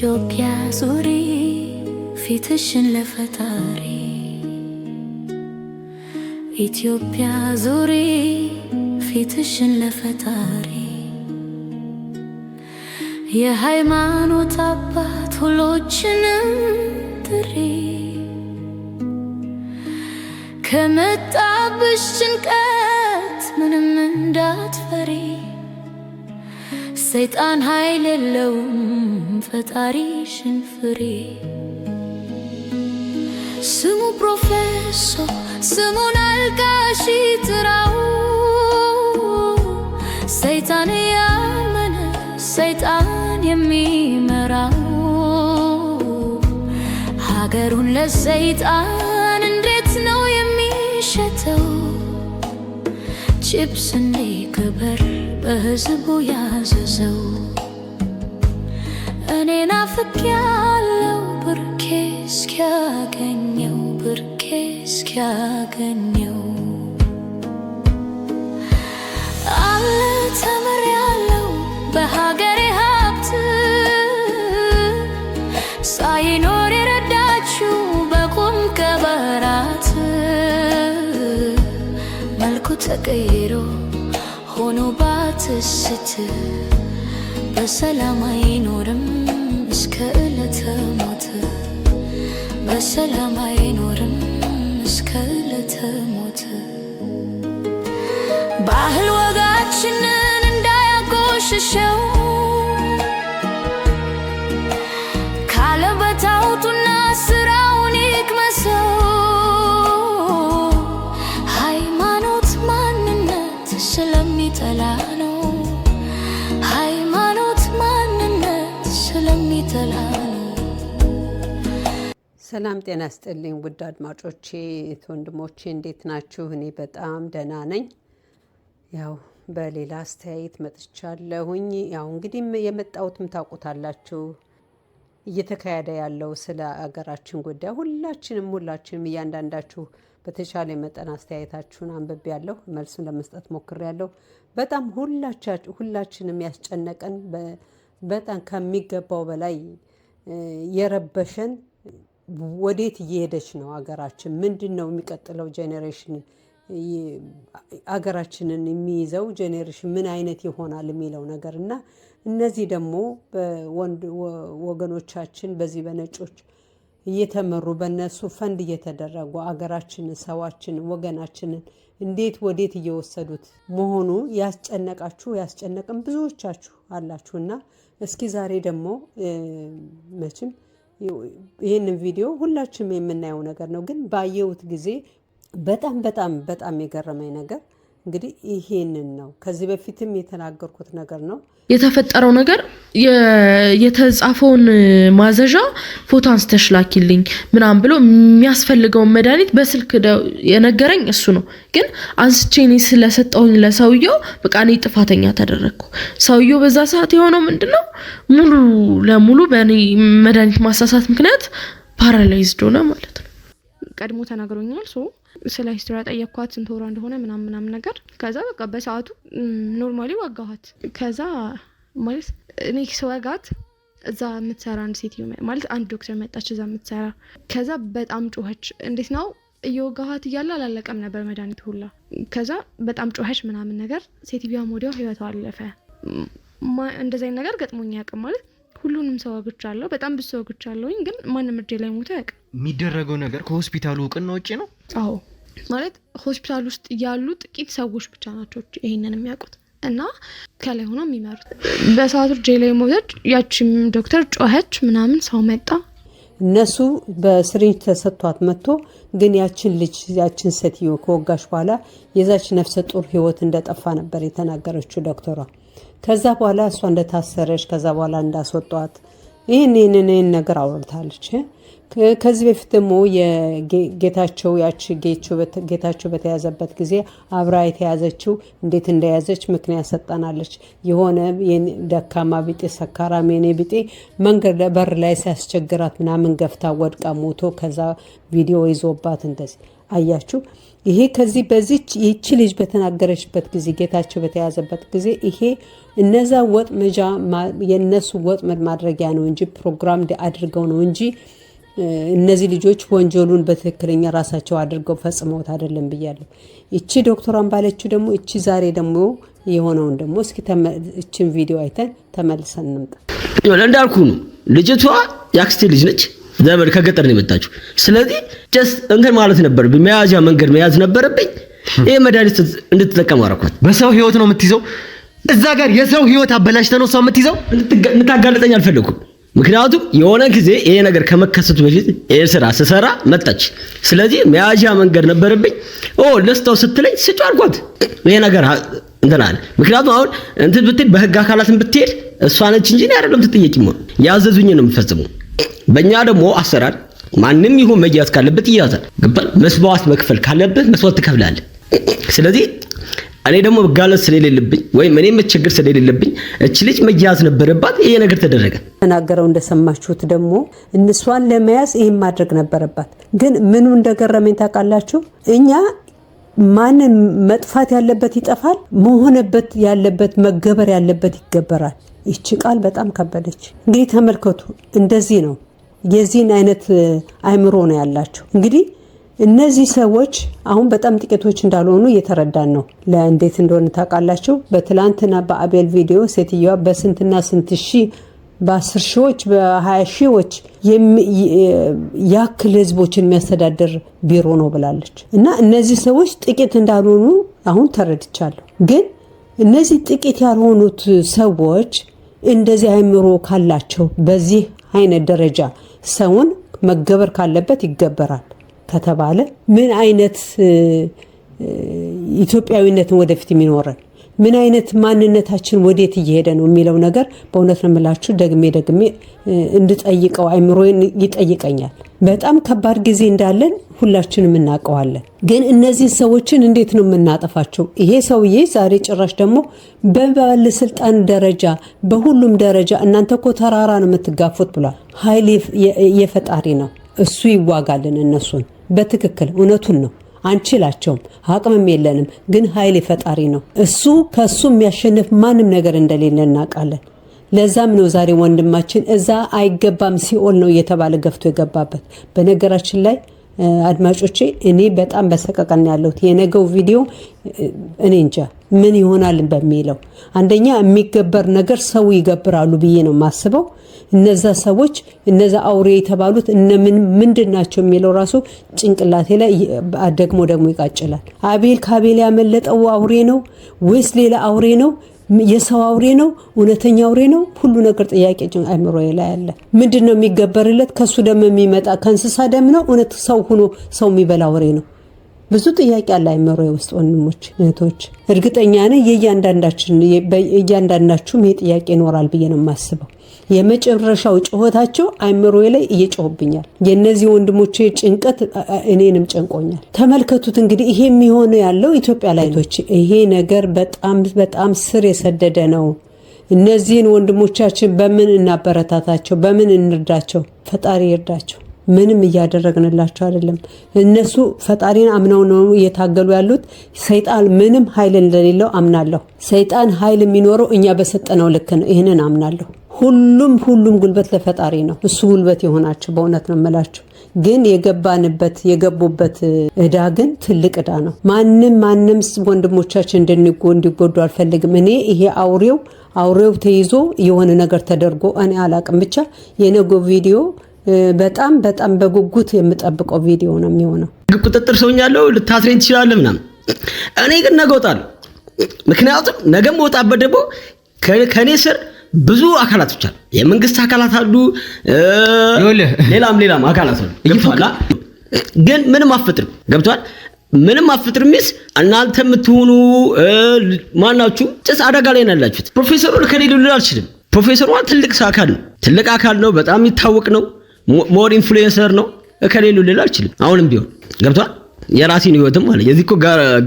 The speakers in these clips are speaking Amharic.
ኢትዮጵያ ዙሪ ፊትሽን ለፈጣሪ ኢትዮጵያ ዙሪ ፊትሽን ለፈጣሪ የሃይማኖት አባት ሁሎችንም ጥሪ ከመጣብሽ ጭንቀት ምንም እንዳትፈሪ ሰይጣን ኃይል የለውም ፈጣሪሽን ፍሬ ስሙ ፕሮፌሰር ስሙን አልጋሺ ትራው ሰይጣን ያመነ ሰይጣን የሚመራው ሀገሩን ለሰይጣን እንዴት ነው የሚሸተው? ቺፕስ እንዲ ክብር በህዝቡ ያዘዘው እኔ ናፍቅ ያለው ብርኬ እስኪያገኘው ብርኬ እስኪያገኘው አለ ተምሪያ መልኩ ተቀይሮ ሆኖ ባትስት በሰላም አይኖርም እስከ ዕለተ ሞት በሰላም አይኖርም እስከ ዕለተ ሞት ባህል ወጋችንን እንዳያጎሽሸው ሰላም ጤና ስጥልኝ ውድ አድማጮቼ ወንድሞቼ እንዴት ናችሁ? እኔ በጣም ደህና ነኝ። ያው በሌላ አስተያየት መጥቻለሁኝ። ያው እንግዲህ የመጣሁትም ታውቁታላችሁ እየተካሄደ ያለው ስለ አገራችን ጉዳይ ሁላችንም ሁላችንም እያንዳንዳችሁ በተቻለ መጠን አስተያየታችሁን አንብቤ ያለሁ መልሱን ለመስጠት ሞክሬ ያለሁ። በጣም ሁላችንም ያስጨነቀን በጣም ከሚገባው በላይ የረበሸን ወዴት እየሄደች ነው አገራችን? ምንድን ነው የሚቀጥለው ጄኔሬሽን አገራችንን የሚይዘው ጄኔሬሽን ምን አይነት ይሆናል የሚለው ነገር እና እነዚህ ደግሞ ወገኖቻችን በዚህ በነጮች እየተመሩ በነሱ ፈንድ እየተደረጉ አገራችንን፣ ሰዋችንን፣ ወገናችንን እንዴት ወዴት እየወሰዱት መሆኑ ያስጨነቃችሁ ያስጨነቅም ብዙዎቻችሁ እና እስኪ ዛሬ ደግሞ መቼም ይህንን ቪዲዮ ሁላችንም የምናየው ነገር ነው፣ ግን ባየሁት ጊዜ በጣም በጣም በጣም የገረመኝ ነገር እንግዲህ ይሄንን ነው ከዚህ በፊትም የተናገርኩት ነገር ነው የተፈጠረው ነገር የተጻፈውን ማዘዣ ፎቶ አንስተሽ ላኪልኝ ምናምን ብሎ የሚያስፈልገውን መድኃኒት በስልክ የነገረኝ እሱ ነው። ግን አንስቼ እኔ ስለሰጠውኝ ለሰውየው በቃ እኔ ጥፋተኛ ተደረግኩ። ሰውየው በዛ ሰዓት የሆነው ምንድን ነው ሙሉ ለሙሉ በእኔ መድኃኒት ማሳሳት ምክንያት ፓራላይዝድ ሆነ ማለት ቀድሞ ተናግሮኛል። ሶ ስለ ሂስትሪያ ጠየኳት ስንት ወሯ እንደሆነ ምናምን ምናምን ነገር። ከዛ በቃ በሰዓቱ ኖርማሊ ወጋኋት። ከዛ ማለት እኔ ስወጋት እዛ የምትሰራ አንድ ሴትዮ ማለት አንድ ዶክተር መጣች፣ እዛ የምትሰራ ከዛ በጣም ጮኸች። እንዴት ነው እየወጋኋት እያለ አላለቀም ነበር መድኃኒት ሁላ። ከዛ በጣም ጮኸች ምናምን ነገር፣ ሴትዮዋም ወዲያው ህይወቷ አለፈ። እንደዚህ ነገር ገጥሞኝ ያውቅም ማለት ሁሉንም ሰው አግቻለሁ። በጣም ብዙ ሰው አግቻለሁኝ፣ ግን ማንም እጄ ላይ ሞተ ያውቅ። የሚደረገው ነገር ከሆስፒታሉ እውቅና ውጭ ነው። አዎ ማለት ሆስፒታል ውስጥ ያሉ ጥቂት ሰዎች ብቻ ናቸው ይሄንን የሚያውቁት እና ከላይ ሆኖ የሚመሩት። በሰዓቱ እጄ ላይ ሞተች። ያቺም ዶክተር ጮኸች ምናምን፣ ሰው መጣ። እነሱ በስሪንጅ ተሰጥቷት መጥቶ ግን ያችን ልጅ ያችን ሴትዮ ከወጋሽ በኋላ የዛች ነፍሰ ጡር ህይወት እንደጠፋ ነበር የተናገረችው ዶክተሯ። ከዛ በኋላ እሷ እንደታሰረች ከዛ በኋላ እንዳስወጧት ይህን ይህንን ይህን ነገር አውርታለች። ከዚህ በፊት ደግሞ የጌታቸው ያቺ ጌታቸው በተያዘበት ጊዜ አብራ የተያዘችው እንዴት እንደያዘች ምክንያት ሰጠናለች። የሆነ ደካማ ቢጤ ሰካራም የኔ ቢጤ መንገድ በር ላይ ሲያስቸግራት ምናምን ገፍታ ወድቃ ሞቶ ከዛ ቪዲዮ ይዞባት እንደዚህ አያችሁ። ይሄ ከዚህ በዚች ይቺ ልጅ በተናገረችበት ጊዜ ጌታቸው በተያዘበት ጊዜ ይሄ እነዛ ወጥመጃ የእነሱ ወጥመድ ማድረጊያ ነው እንጂ ፕሮግራም አድርገው ነው እንጂ እነዚህ ልጆች ወንጀሉን በትክክለኛ ራሳቸው አድርገው ፈጽመውት አይደለም ብያለሁ። እቺ ዶክተሯን ባለችው ደግሞ እቺ ዛሬ ደግሞ የሆነውን ደግሞ እስኪ እችን ቪዲዮ አይተን ተመልሰን እንምጣ። እንዳልኩ ነው ልጅቷ የአክስቴ ልጅ ነች። ዘመድ ከገጠር ነው የመጣችሁ። ስለዚህ ጀስ እንትን ማለት ነበረብኝ፣ መያዣ መንገድ መያዝ ነበረብኝ። ይሄ መድኃኒት እንድትጠቀም አደረኳት። በሰው ህይወት ነው የምትይዘው። እዛ ጋር የሰው ህይወት አበላሽተህ ነው እሷ የምትይዘው። እንታጋለጠኝ አልፈለኩም። ምክንያቱም የሆነ ጊዜ ይሄ ነገር ከመከሰቱ በፊት ይሄ ስራ ስሰራ መጣች። ስለዚህ መያዣ መንገድ ነበረብኝ። ኦ ለስተው ስትለኝ ስጭ አልኳት። ይሄ ነገር እንትን አለ። ምክንያቱም አሁን እንትን ብትሄድ በህግ አካላትን ብትሄድ እሷ ነች እንጂ አይደለም ትጠየቂ። ያዘዙኝ ነው የምፈጽመው በእኛ ደግሞ አሰራር ማንም ይሁን መያዝ ካለበት ይያዛል። ግን መስዋዕት መክፈል ካለበት መስዋዕት ትከፍላለህ። ስለዚህ እኔ ደግሞ መጋለጥ ስለሌለብኝ ወይም እኔ መቸገር ስለሌለብኝ እች ልጅ መያዝ ነበረባት። ይሄ ነገር ተደረገ። ተናገረው እንደሰማችሁት ደግሞ እንሷን ለመያዝ ይህን ማድረግ ነበረባት። ግን ምኑ እንደገረመኝ ታውቃላችሁ? እኛ ማንን መጥፋት ያለበት ይጠፋል፣ መሆነበት ያለበት መገበር ያለበት ይገበራል። ይቺ ቃል በጣም ከበደች። እንግዲህ ተመልከቱ፣ እንደዚህ ነው የዚህን አይነት አይምሮ ነው ያላቸው። እንግዲህ እነዚህ ሰዎች አሁን በጣም ጥቂቶች እንዳልሆኑ እየተረዳን ነው። ለእንዴት እንደሆነ ታውቃላችሁ። በትላንትና በአቤል ቪዲዮ ሴትዮዋ በስንትና ስንት ሺ በአስር ሺዎች በሀያ ሺዎች ያክል ህዝቦችን የሚያስተዳድር ቢሮ ነው ብላለች። እና እነዚህ ሰዎች ጥቂት እንዳልሆኑ አሁን ተረድቻለሁ ግን እነዚህ ጥቂት ያልሆኑት ሰዎች እንደዚህ አእምሮ ካላቸው በዚህ አይነት ደረጃ ሰውን መገበር ካለበት ይገበራል ከተባለ ምን አይነት ኢትዮጵያዊነትን ወደፊት የሚኖረን ምን አይነት ማንነታችን ወዴት እየሄደ ነው የሚለው ነገር በእውነት ነው የምላችሁ ደግሜ ደግሜ እንድጠይቀው አይምሮ ይጠይቀኛል። በጣም ከባድ ጊዜ እንዳለን ሁላችንም እናውቀዋለን። ግን እነዚህን ሰዎችን እንዴት ነው የምናጠፋቸው? ይሄ ሰውዬ ዛሬ ጭራሽ ደግሞ በባለስልጣን ደረጃ በሁሉም ደረጃ እናንተ እኮ ተራራ ነው የምትጋፉት ብሏል። ኃይል የፈጣሪ ነው፣ እሱ ይዋጋልን እነሱን። በትክክል እውነቱን ነው። አንችላቸውም፣ አቅምም የለንም። ግን ኃይሌ የፈጣሪ ነው። እሱ ከእሱ የሚያሸንፍ ማንም ነገር እንደሌለ እናውቃለን። ለዛም ነው ዛሬ ወንድማችን እዛ አይገባም ሲኦል ነው እየተባለ ገፍቶ የገባበት። በነገራችን ላይ አድማጮቼ እኔ በጣም በሰቀቀን ያለሁት የነገው ቪዲዮ እኔ እንጃ ምን ይሆናል በሚለው አንደኛ የሚገበር ነገር ሰው ይገብራሉ ብዬ ነው የማስበው። እነዛ ሰዎች እነዛ አውሬ የተባሉት ምንድን ናቸው የሚለው ራሱ ጭንቅላቴ ላይ ደግሞ ደግሞ ይቃጭላል። አቤል ከአቤል ያመለጠው አውሬ ነው ወይስ ሌላ አውሬ ነው? የሰው አውሬ ነው? እውነተኛ አውሬ ነው? ሁሉ ነገር ጥያቄ አይምሮ ላይ አለ። ምንድን ነው የሚገበርለት? ከሱ ደም የሚመጣ ከእንስሳ ደም ነው? እውነት ሰው ሆኖ ሰው የሚበላ አውሬ ነው? ብዙ ጥያቄ አለ አይምሮ ውስጥ ወንድሞች እህቶች። እርግጠኛ ነኝ የእያንዳንዳችን እያንዳንዳችሁም ይሄ ጥያቄ ይኖራል ብዬ ነው የማስበው። የመጨረሻው ጩኸታቸው አይምሮ ላይ እየጮህብኛል። የእነዚህ ወንድሞቼ ጭንቀት እኔንም ጨንቆኛል። ተመልከቱት እንግዲህ ይሄ የሚሆኑ ያለው ኢትዮጵያ ላይ ይሄ ነገር በጣም በጣም ስር የሰደደ ነው። እነዚህን ወንድሞቻችን በምን እናበረታታቸው? በምን እንርዳቸው? ፈጣሪ ይርዳቸው። ምንም እያደረግንላቸው አይደለም። እነሱ ፈጣሪን አምነው ነው እየታገሉ ያሉት። ሰይጣን ምንም ኃይል እንደሌለው አምናለሁ። ሰይጣን ኃይል የሚኖረው እኛ በሰጠነው ልክ ነው። ይህንን አምናለሁ። ሁሉም ሁሉም ጉልበት ለፈጣሪ ነው። እሱ ጉልበት የሆናቸው በእውነት ነው የምላቸው። ግን የገባንበት የገቡበት እዳ ግን ትልቅ እዳ ነው። ማንም ማንም ወንድሞቻችን እንዲጎዱ አልፈልግም። እኔ ይሄ አውሬው አውሬው ተይዞ የሆነ ነገር ተደርጎ እኔ አላቅም። ብቻ የነጎ ቪዲዮ በጣም በጣም በጉጉት የምጠብቀው ቪዲዮ ነው የሚሆነው። ቁጥጥር ሰውኛለው ልታስሬን ትችላለ ምናምን። እኔ ግን ነገ እወጣለሁ። ምክንያቱም ነገ የምወጣበት ደግሞ ከእኔ ስር ብዙ አካላቶች አሉ። የመንግስት አካላት አሉ፣ ሌላም ሌላም አካላት አሉ። ግን ምንም አፈጥር ገብቷል። ምንም አትፈጥርም ሚስ እናንተ የምትሆኑ ማናችሁ ጭስ አደጋ ላይ ነው ያላችሁት። ፕሮፌሰሩን ከሌሉ ልል አልችልም። ፕሮፌሰሩ ትልቅ አካል ነው፣ ትልቅ አካል ነው፣ በጣም የሚታወቅ ነው፣ ሞር ኢንፍሉዌንሰር ነው። ከሌሉ ልል አልችልም። አሁንም ቢሆን ገብቷል። የራሴን ህይወትም አለ የዚህ እኮ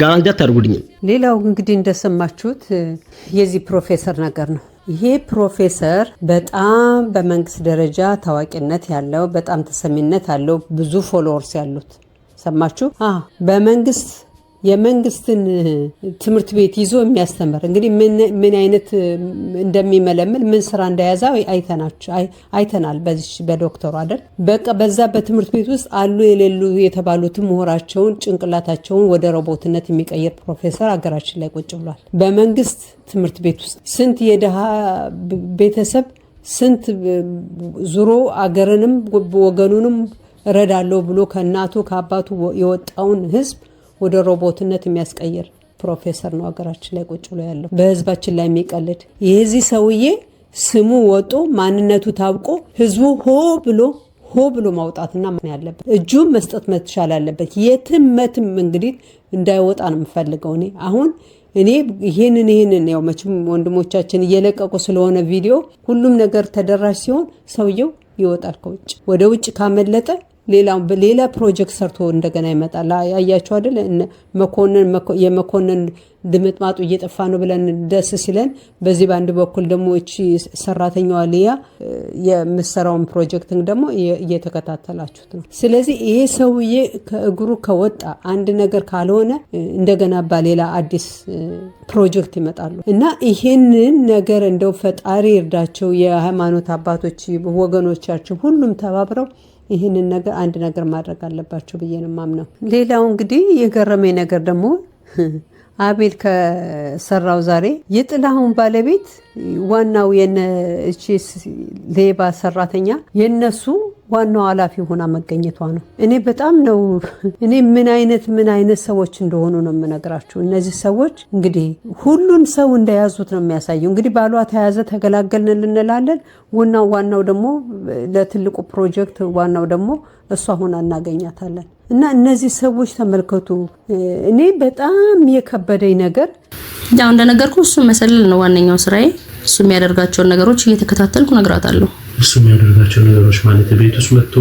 ጋራንቲ አታደርጉልኝም። ሌላው እንግዲህ እንደሰማችሁት የዚህ ፕሮፌሰር ነገር ነው ይሄ ፕሮፌሰር በጣም በመንግስት ደረጃ ታዋቂነት ያለው በጣም ተሰሚነት ያለው ብዙ ፎሎወርስ ያሉት ሰማችሁ በመንግስት የመንግስትን ትምህርት ቤት ይዞ የሚያስተምር እንግዲህ ምን አይነት እንደሚመለምል ምን ስራ እንደያዘ አይተናል። በዚህ በዶክተሩ አደል በቃ በዛ በትምህርት ቤት ውስጥ አሉ የሌሉ የተባሉት ምሁራቸውን ጭንቅላታቸውን ወደ ሮቦትነት የሚቀይር ፕሮፌሰር አገራችን ላይ ቁጭ ብሏል። በመንግስት ትምህርት ቤት ውስጥ ስንት የድሃ ቤተሰብ ስንት ዙሮ አገርንም ወገኑንም እረዳለሁ ብሎ ከእናቱ ከአባቱ የወጣውን ህዝብ ወደ ሮቦትነት የሚያስቀይር ፕሮፌሰር ነው ሀገራችን ላይ ቁጭ ብሎ ያለው በህዝባችን ላይ የሚቀልድ የዚህ ሰውዬ ስሙ ወጦ ማንነቱ ታውቆ ህዝቡ ሆ ብሎ ሆ ብሎ ማውጣትና ያለበት እጁም መስጠት መቻል አለበት። የትም መትም እንግዲህ እንዳይወጣ ነው የምፈልገው እኔ አሁን እኔ ይህንን ይህንን ያው መቼም ወንድሞቻችን እየለቀቁ ስለሆነ ቪዲዮ ሁሉም ነገር ተደራሽ ሲሆን ሰውየው ይወጣል ከውጭ ወደ ውጭ ካመለጠ ሌላ ፕሮጀክት ሰርቶ እንደገና ይመጣል። አያቸው አይደል? መኮንን የመኮንን ድምጥማጡ እየጠፋ ነው ብለን ደስ ሲለን፣ በዚህ በአንድ በኩል ደግሞ እቺ ሰራተኛዋ ሊያ የምሰራውን ፕሮጀክት ደግሞ እየተከታተላችሁት ነው። ስለዚህ ይሄ ሰውዬ ከእግሩ ከወጣ አንድ ነገር ካልሆነ እንደገና በሌላ አዲስ ፕሮጀክት ይመጣሉ እና ይሄንን ነገር እንደው ፈጣሪ ይርዳቸው የሃይማኖት አባቶች ወገኖቻችን ሁሉም ተባብረው ይህንን ነገር አንድ ነገር ማድረግ አለባቸው ብዬ ነው ማምነው። ሌላው እንግዲህ የገረመኝ ነገር ደግሞ አቤል ከሰራው ዛሬ የጥላሁን ባለቤት ዋናው የነቺስ ሌባ ሰራተኛ የነሱ ዋናው ኃላፊ ሆና መገኘቷ ነው። እኔ በጣም ነው እኔ ምን አይነት ምን አይነት ሰዎች እንደሆኑ ነው የምነግራችሁ። እነዚህ ሰዎች እንግዲህ ሁሉን ሰው እንደያዙት ነው የሚያሳየው። እንግዲህ ባሏ ተያዘ ተገላገልን ልንላለን። ዋናው ዋናው ደግሞ ለትልቁ ፕሮጀክት ዋናው ደግሞ እሷ ሆና እናገኛታለን። እና እነዚህ ሰዎች ተመልከቱ። እኔ በጣም የከበደኝ ነገር ያው እንደነገርኩ እሱ መሰለል ነው ዋነኛው ስራዬ። እሱ የሚያደርጋቸውን ነገሮች እየተከታተልኩ ነግራታለሁ። እሱ የሚያደርጋቸው ነገሮች ማለት ቤት ውስጥ መጥቶ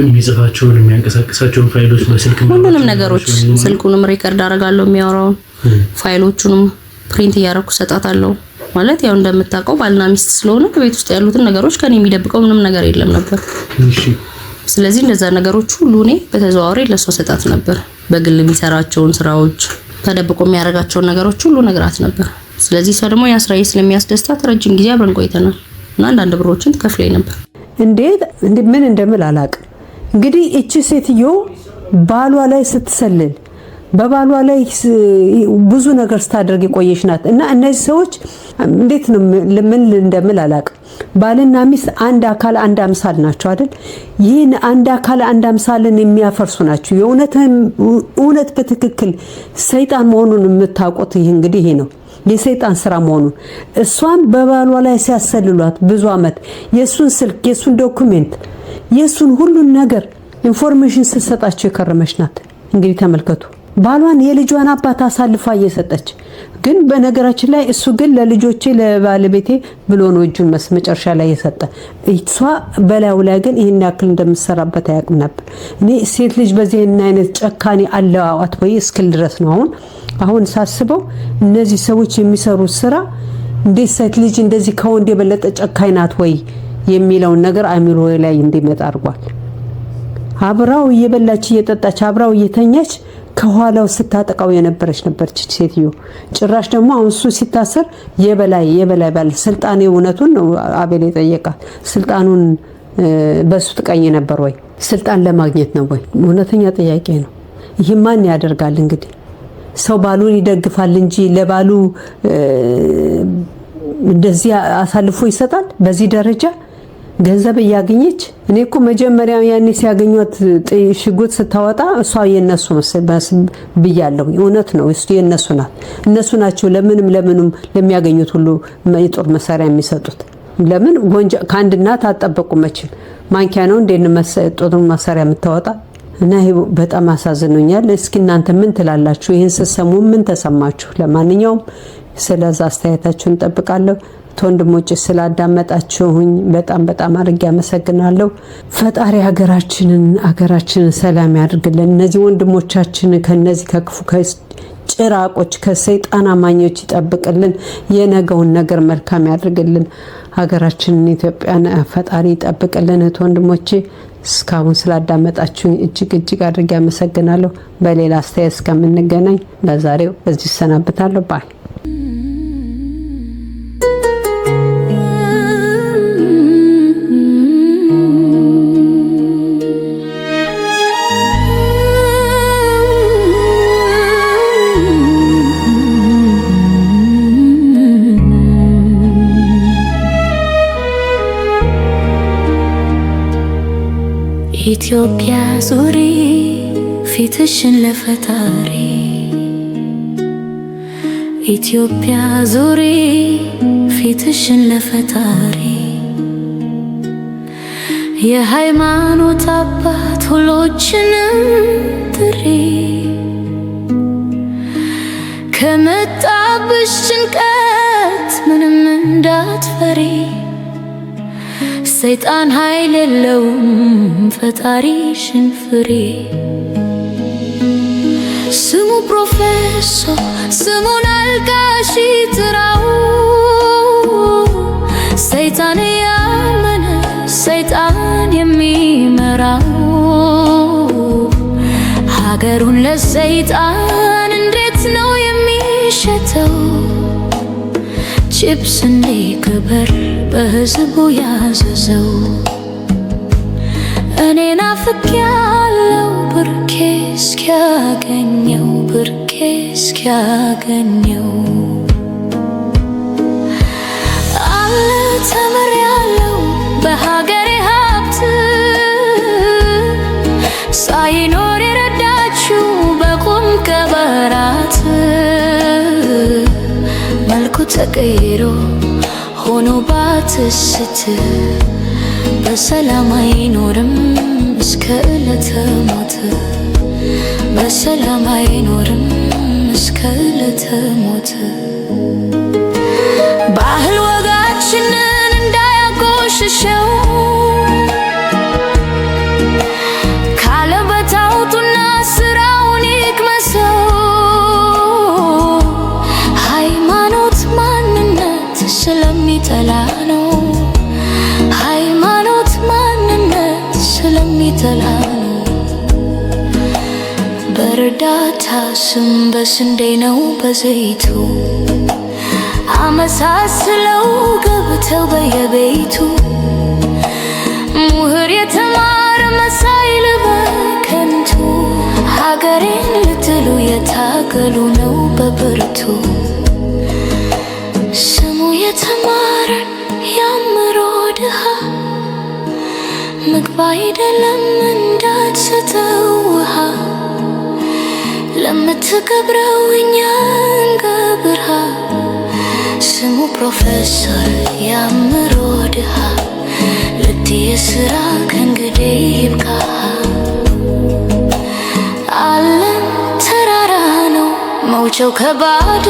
የሚጽፋቸውን የሚያንቀሳቀሳቸውን ፋይሎች በስልክ ሁሉንም ነገሮች ስልኩንም ሪከርድ አደርጋለሁ፣ የሚያወራውን ፋይሎቹንም ፕሪንት እያደረኩ እሰጣታለሁ። ማለት ያው እንደምታውቀው ባልና ሚስት ስለሆነ ከቤት ውስጥ ያሉትን ነገሮች ከኔ የሚደብቀው ምንም ነገር የለም ነበር። ስለዚህ እነዛ ነገሮች ሁሉ እኔ በተዘዋዋሪ ለእሷ ሰጣት ነበር። በግል የሚሰራቸውን ስራዎች፣ ተደብቆ የሚያደርጋቸውን ነገሮች ሁሉ ነግራት ነበር። ስለዚህ እሷ ደግሞ ያ ስራዬ ስለሚያስደስታት ረጅም ጊዜ አብረን ቆይተናል እና አንዳንድ ብሮችን ትከፍለኝ ነበር። እንዴት ምን እንደምል አላውቅም። እንግዲህ እቺ ሴትዮ ባሏ ላይ ስትሰልል በባሏ ላይ ብዙ ነገር ስታደርግ የቆየች ናት እና እነዚህ ሰዎች እንዴት ነው ምን እንደምል አላቅም። ባልና ሚስት አንድ አካል አንድ አምሳል ናቸው አይደል? ይህን አንድ አካል አንድ አምሳልን የሚያፈርሱ ናቸው። እውነት በትክክል ሰይጣን መሆኑን የምታውቁት ይህ እንግዲህ ይሄ ነው የሰይጣን ስራ መሆኑን እሷን በባሏ ላይ ሲያሰልሏት ብዙ አመት የእሱን ስልክ የእሱን ዶኩሜንት የእሱን ሁሉን ነገር ኢንፎርሜሽን ስትሰጣቸው የከረመች ናት። እንግዲህ ተመልከቱ። ባሏን የልጇን አባት አሳልፋ እየሰጠች ግን በነገራችን ላይ እሱ ግን ለልጆቼ ለባለቤቴ ብሎ ነው እጁን መጨረሻ ላይ የሰጠ። እሷ በላዩ ላይ ግን ይህን ያክል እንደምሰራበት አያውቅም ነበር። እኔ ሴት ልጅ በዚህን አይነት ጨካኔ አለዋዋት ወይ እስክል ድረስ ነው። አሁን አሁን ሳስበው እነዚህ ሰዎች የሚሰሩት ስራ እንዴት ሴት ልጅ እንደዚህ ከወንድ የበለጠ ጨካኝ ናት ወይ የሚለውን ነገር አሚሮ ላይ እንዲመጣ አድርጓል። አብራው እየበላች እየጠጣች አብራው እየተኛች ከኋላው ስታጠቃው የነበረች ነበረች ሴትዮ። ጭራሽ ደግሞ አሁን እሱ ሲታሰር የበላይ የበላይ ባለ ስልጣን እውነቱን ነው አቤል የጠየቃት። ስልጣኑን በሱ ጥቀኝ ነበር ወይ? ስልጣን ለማግኘት ነው ወይ? እውነተኛ ጥያቄ ነው። ይህ ማን ያደርጋል እንግዲህ ሰው ባሉን ይደግፋል እንጂ ለባሉ እንደዚህ አሳልፎ ይሰጣል በዚህ ደረጃ ገንዘብ እያገኘች እኔ እኮ መጀመሪያ ያኔ ሲያገኟት ሽጉጥ ስታወጣ እሷ የነሱ ብያለሁ። እውነት ነው፣ እሱ የነሱ ናት። እነሱ ናቸው ለምንም ለምንም ለሚያገኙት ሁሉ የጦር መሳሪያ የሚሰጡት። ለምን ወንጀ ከአንድ እናት አጠበቁ መቼም ማንኪያ ነው እንዴ ጦር መሳሪያ የምታወጣ እና ይሄ በጣም አሳዝኖኛል። እስኪ እናንተ ምን ትላላችሁ? ይህን ስትሰሙ ምን ተሰማችሁ? ለማንኛውም ስለዛ አስተያየታችሁን እንጠብቃለሁ። ተወንድሞች ስላዳመጣችሁኝ በጣም በጣም አድርጌ አመሰግናለሁ። ፈጣሪ ሀገራችንን ሀገራችንን ሰላም ያድርግልን። እነዚህ ወንድሞቻችን ከነዚህ ከክፉ ጭራቆች ከሰይጣን አማኞች ይጠብቅልን። የነገውን ነገር መልካም ያድርግልን። ሀገራችንን ኢትዮጵያን ፈጣሪ ይጠብቅልን። እህት ወንድሞቼ እስካሁን ስላዳመጣችሁኝ እጅግ እጅግ አድርጌ አመሰግናለሁ። በሌላ አስተያየት እስከምንገናኝ ለዛሬው በዚህ ይሰናብታለሁ ባይ ኢትዮጵያ ዙሪ ፊትሽን ለፈጣሪ ኢትዮጵያ ዙሪ ፊትሽን ለፈጣሪ የሃይማኖት አባት ሁሎችንም ጥሪ ከመጣብሽ ጭንቀት ምንም እንዳትፈሪ ሰይጣን ኃይል የለውም ፈጣሪ ሽንፍሬ ስሙ ፕሮፌሰር ስሙን አልቃሺ ትራው ሰይጣን ያመነ ሰይጣን የሚመራው ሀገሩን ለሰይጣን እንዴት ነው የሚሸተው? ቺፕስኔ ክብር በህዝቡ ያዘዘው እኔ አፍቅ ያለው ብርኬ እስኪያገኘው ብርኬ እስኪያገኘው አለ ተምር ያለው በሀገሬ ሀብት ሳይኖር የረዳችሁ በቁም ቀበራት ተቀይሮ ሆኖ ባትስት በሰላም አይኖርም እስከ ዕለተ ሞት በሰላም አይኖርም እስከ ዕለተ ሞት ስም በስንዴ ነው በዘይቱ አመሳስለው ገብተው በየቤቱ ምሁር የተማረ መሳይ በከንቱ ሀገሬን ልትሉ የታገሉ ነው በብርቱ ስሙ የተማረ ያምሮ ድሃ ምግብ አይደለም እንዳትስተውሃ ውሃ የምትገብረው እኛን ገብርሃ ስሙ ፕሮፌሰር ያምሮ ድሃ ልትየ ስራ ከእንግዲህ ይብቃ። ዓለም ተራራ ነው መውጫው ከባድ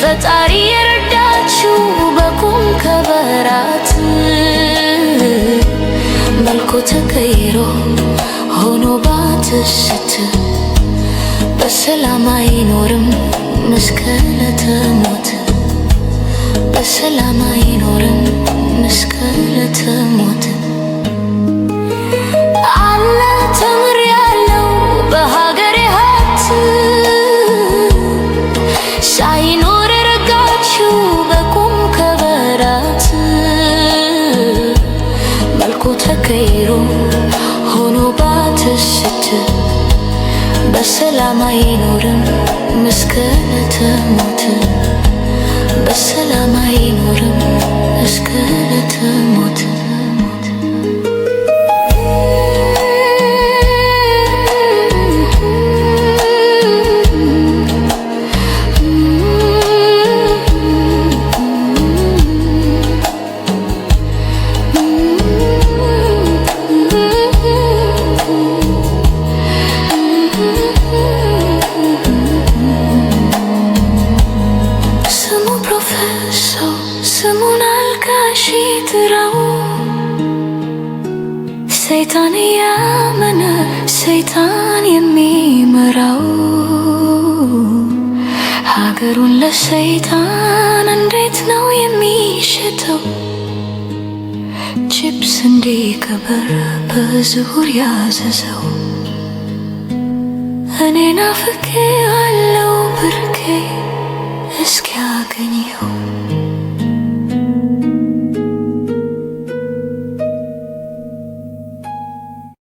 ፈጣሪ የረዳችው በቁም ከበራት መልኩ ተቀይሮ ሆኖ ባትስት በሰላም አይኖርም እስከ ሞት በሰላም አይኖርም እስከ ዕለተ ሞት አለ ያለው በሀገሬ ሀብት ሳይኖር የረጋችው በቁም ከበራት መልኩ ተቀይሮ በሰላም አይኖርም እስከነተሞት በሰላም አይኖርም እስከ እስከነተሞት ሰይጣን ያመነ ሰይጣን የሚመራው ሀገሩን ለሰይጣን እንዴት ነው የሚሸጠው? ችፕስ እንዴ ከበር በዝውውር ያዘዘው እኔ ናፍቄ አለው ብርኬ እስኪያገኘው